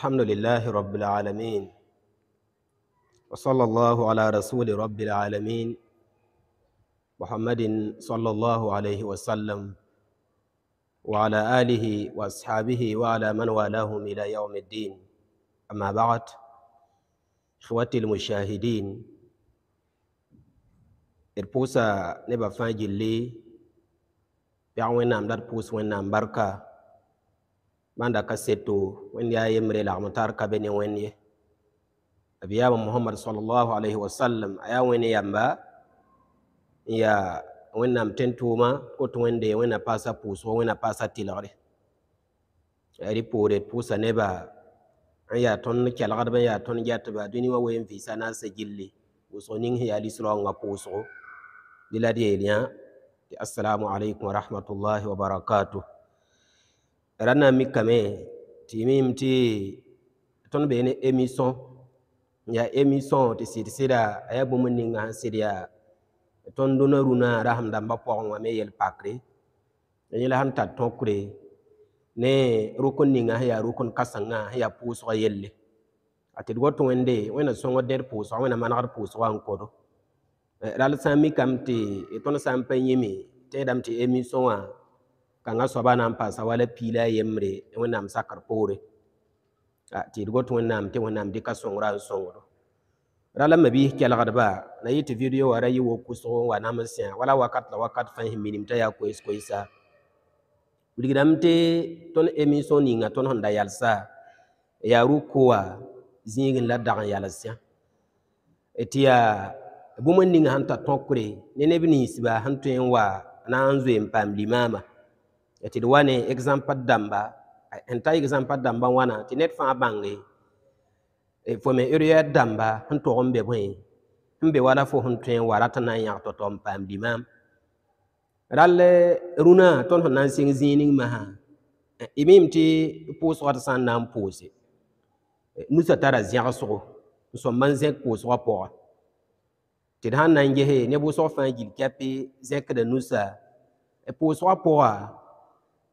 الحمد لله رب العالمين وصلى الله على رسول رب العالمين محمد صلى الله عليه وسلم وعلى آله وأصحابه وعلى من والاهم إلى يوم الدين أما بعد إخوتي المشاهدين إربوسا نبا فاجي لي بيعوين أمدار دار بوس وين manda kasetu seto wani ya yi la lagmantar ka bene wani abiya ba muhammad sallallahu alaihi wasallam aya wani yamba ya wani amten tuma ko to wende wani pasa pusu wani pasa tilare ari pore pusa ne ba an ya ton kyalgar ban ya ton ya ba duni wa wayin fisa na sa gilli usonin ya li sura pusu puso diladiya assalamu alaikum wa rahmatullahi wa barakatuh rana mi kame ti mi ti ton be ne emission ya emission ti sidi sida aya bu mun ninga sidia ton na runa raham da ba po ngwa me yel pakre ni la han ta ton kure ne rukun ninga ya rukun kasanga ya so yelle ati do to wende wena ngo der puso wena manar so an do eh, ral sami kam ti ton pe yimi te dam ti emission wa kaŋa soba ah, na n pa sawala piila a yembre wẽnnaam sakr poore tɩɩd A, wẽnnaam tɩ wẽnnaam dɩka sõngra n sõngro ra la mabiis kelgdba na yɩ tɩ video wã yi yɩ wo-kʋsgo n wa nam n wala wakat la wakat fa sẽn minim t'a yaa koes koesa wilgdame tɩ tõnd émission ninga tõnd sẽn da yalsa ya rukuwa zingin la dagan yalsa etia tɩ yaa bũmb n ninga sẽn ta tõkre ne neb ninsba sẽn tõe wa na anzu zoeen paam limaama ti wane example damba, n ta example dãmba wãna tɩ ned fãa bãnge fo me uriya damba n e to n be bõe be wala fo hun tren warata na ya to-tom pam limaam rall rũnã tõnd sẽn na nan sɩng zĩig ning masã y e mim tɩ pʋʋsga tɩ sã n na n pʋʋse e nusa tara k'o so sõmba n zẽk pʋʋsgã pʋga tɩ d sãn na n gese neb wʋsg fãa gil kɛpɩ zẽkda nusa pʋʋsgã pʋga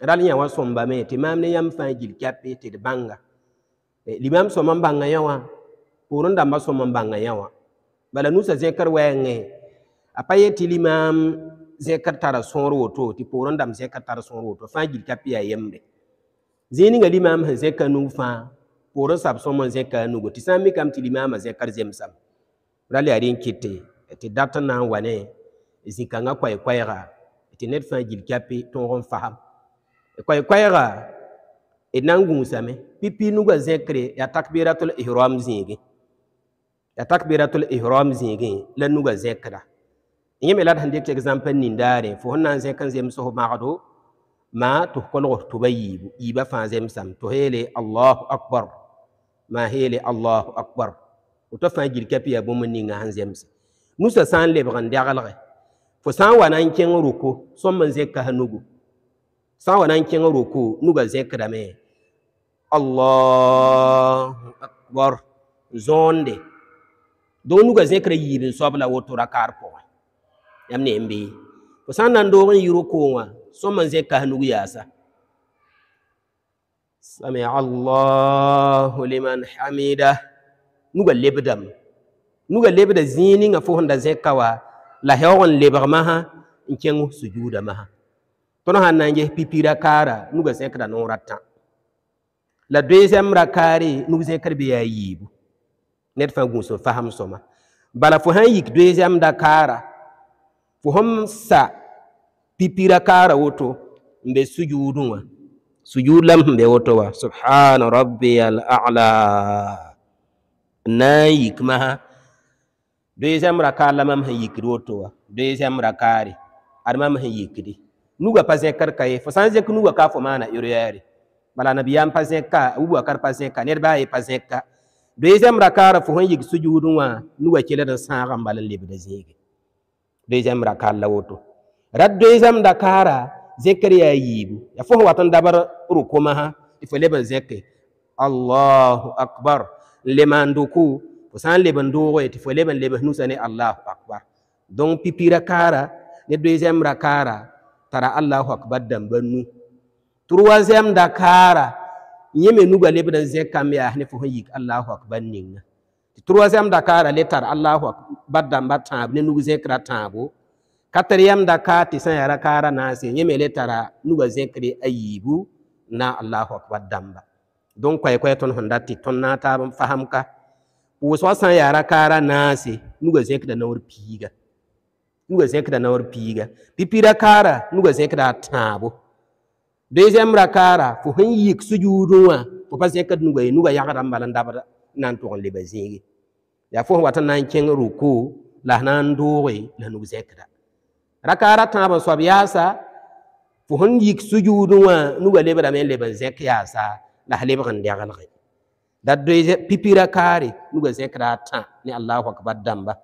ral yã wã sõmbame tɩ maam ne yãmb fãa gil kapɩ tɩ d bãnga eh, limam sõm n bãnga yã wã pʋʋr n dãmbã sõm n bãnga yã wã bala nusa zẽkr wɛɛngẽ a pa yetɩ limaam zẽkr tara sõor woto tɩ pʋʋr n dãmb zẽkr tara sõor woto fãa gil kapɩ yaa yembre zẽ ninga limaam sẽn zẽka nug fãa pʋʋr n sab sõm n zẽka a nugo tɩ sã n mikame tɩ limaamã zẽkr zemsame ral yaa rẽn kɩte e tɩ dat n na n wa ne zĩ-kãngã koɛɛ-koɛɛga tɩ ned fãa gil kapɩ tõog n fasam kwaikwaiga d na n gũusame pipi-nugã zẽkre yaa takbiratul ihram zĩige yaa takbiratul ihram zĩige la nugã zẽkda n yẽ me la d sẽn dɩk example nindaare fo sẽn na n zẽk n zems f magdo ma tɩ f kolg f tʋba yiibu yiibã fãa zemsam tɩ f yeele allahu akbar maa sẽn yeele allahu akbar woto fãa gil kɛpɩ yaa bũmb ninga sẽn zemse nusa sã n lebg n dɛglge fo sã n wa na n kẽng roko sõm n zẽka nugu sawa nan kin roko nu kẽng roko kada zẽkdame allahu akbar zonde dõog nu ga zai n soab la woto rakaar pʋgẽ yãmb ne n bee fo sã san na n doog n yɩ roko wã sõm n zẽk kas nug yaasa sami allahu liman hamida nuga n'u nuga lebda zĩig ninga fo sẽn da zai kawa la yaoog lebar maha in kin sujuda maha tõnd sãn na n ges pipira kaara nuga zẽkda ne ratã la deuxième rakaare nug zẽkr be yaa yiibu ned fãa gũus n fasem sõma bala fo sãn yik deuxième kaara fo hom sa pipira kaara woto n be sujuudẽ wã sujuud la m sẽn be woto wa subhana rabbiyal ala n na n yik masã deuxième rakaar la mam sẽn yikd woto wa deuxième rakaare ad mam sẽn yikdi nuga pa zẽk d ka ye fo sã n zẽk nuga ka fo maana yor-yaare bala nabiyaam pa zẽka abubakar pa zẽka nedbã a ye pa zẽka doe zɛm rakaara fo sẽn yig sujuud wã nuga keled n sãag n bal n lebda zĩige doe zɛm rakaar la woto rat doe zɛm rakaara zẽkr yaa yiibu ya fo sẽn wat n dabr ruko masã tɩ fo leb n zẽke allahu akbar n le maan dʋku fo sã n leb n dʋʋge tɩ fo leb n lebs nusa ne allahu akbar dõnc pipi rakaara ne doe zɛm tara allahu akbar dambannu troisième da kara yeme nuga lebdan kam ya hne fo yik allahu akbar ninga troisième da kara le tara allahu akbar damba tab ne nugu zekra tabo quatrième da ka ti san ya kara na se yeme le tara nuga zekri ayibu na allahu akbar damba don kwai kwai ton honda ti ton na ta fahamka wo so san yara kara na se nuga zekda na urpiga nuga zekda na war piiga pipira kara nuga da tabo deuxième kara fo hin yik sujuduwa wa fo pa zekad nuga nuga yagara balanda ba nan to le bazingi ya fo wata nan kin ruku la nan dore la nuga da rakara tabo swab sa, fo hin yik sujuduwa nuga le bara men le ya sa la hale ban diagal da deuxième pipira kare nuga da ta ni allahu akbar damba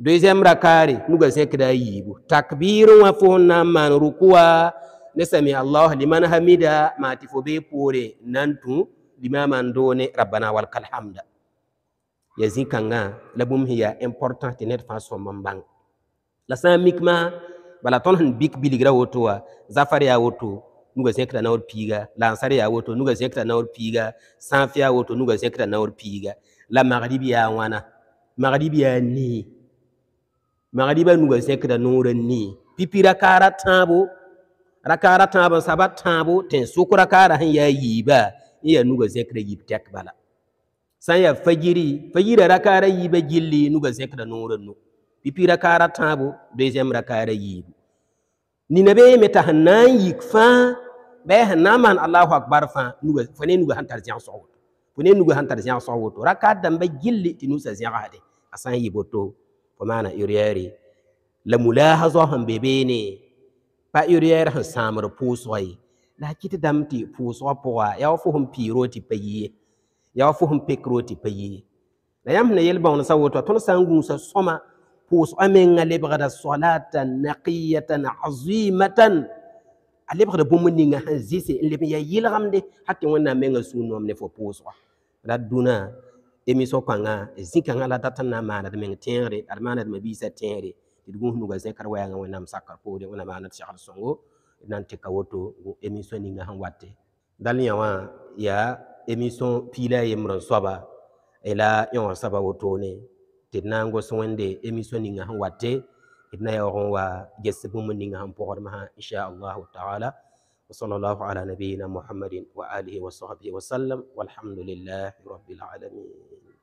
deuxième rakari nuga sekda yibu takbiru wa fonna man rukua ne sami allah liman hamida ma tifo pore nantu lima mandone rabbana wal kalhamda yazi kanga labum hiya important te net façon mambang la samikma bala ton han big biligra wotowa zafari ya woto nuga sekda nawr piga lansar ya woto nuga sekda nawr piga sanfia ya woto nuga sekda naor piga la maghribi ya wana maghribi ya ni magariba nuga sɛkda nuran ni pipi rakaara tãabo rakaara tãabã saba tãabo tɩn sʋk rakaara sẽn yaa yiiba n yaa nuga zɛkra yib tɛk bala sã fajiri fajira yi ba gilli nuga zɛkda nuran nu pipi rakaara tãabo deuxième rakaara yiibu nina bee me t'a sẽn na n allahu akbar fa nuga fo ne nuga hantar tar zẽg fane ne nuga hantar tar zẽg to rakata rakaat dãmba gilli tɩ nusa zẽgsde a wa mana yuriyari la mulahazo han bebene pa yuriyari han samar pusoi la kiti damti puso poa ya fu hum piroti payi ya fu hum pekroti payi la yam na yelba on sawoto ton sangu sa soma puso amenga lebgada salatan naqiyatan azimatan a lebgda bũmb ninga sẽn zɩse n leb n yaa yɩlgemde hatɩ wẽnnaam menga sũur noam ne fo pʋʋsga ra émission pãnga zĩ-kãngã la dat n na n maaned meng tẽegre d maaned me biisã tẽegre d gũus nuga zẽkr wɛɛngã wẽnnaam sakr poore wẽna maaned segd sõngo d na n tɩka woto émission ninga sẽn wate dal yã wã yaa émission piila a yembr n soaba e la yõosaba wotone tɩ d na n gos wẽnde émission ninga sẽn wate d na yaoog n wa ges bũmb ninga sẽn pʋgdmã sã inchallahu taala وصلى الله على نبينا محمد وآله وصحبه وسلم والحمد لله رب العالمين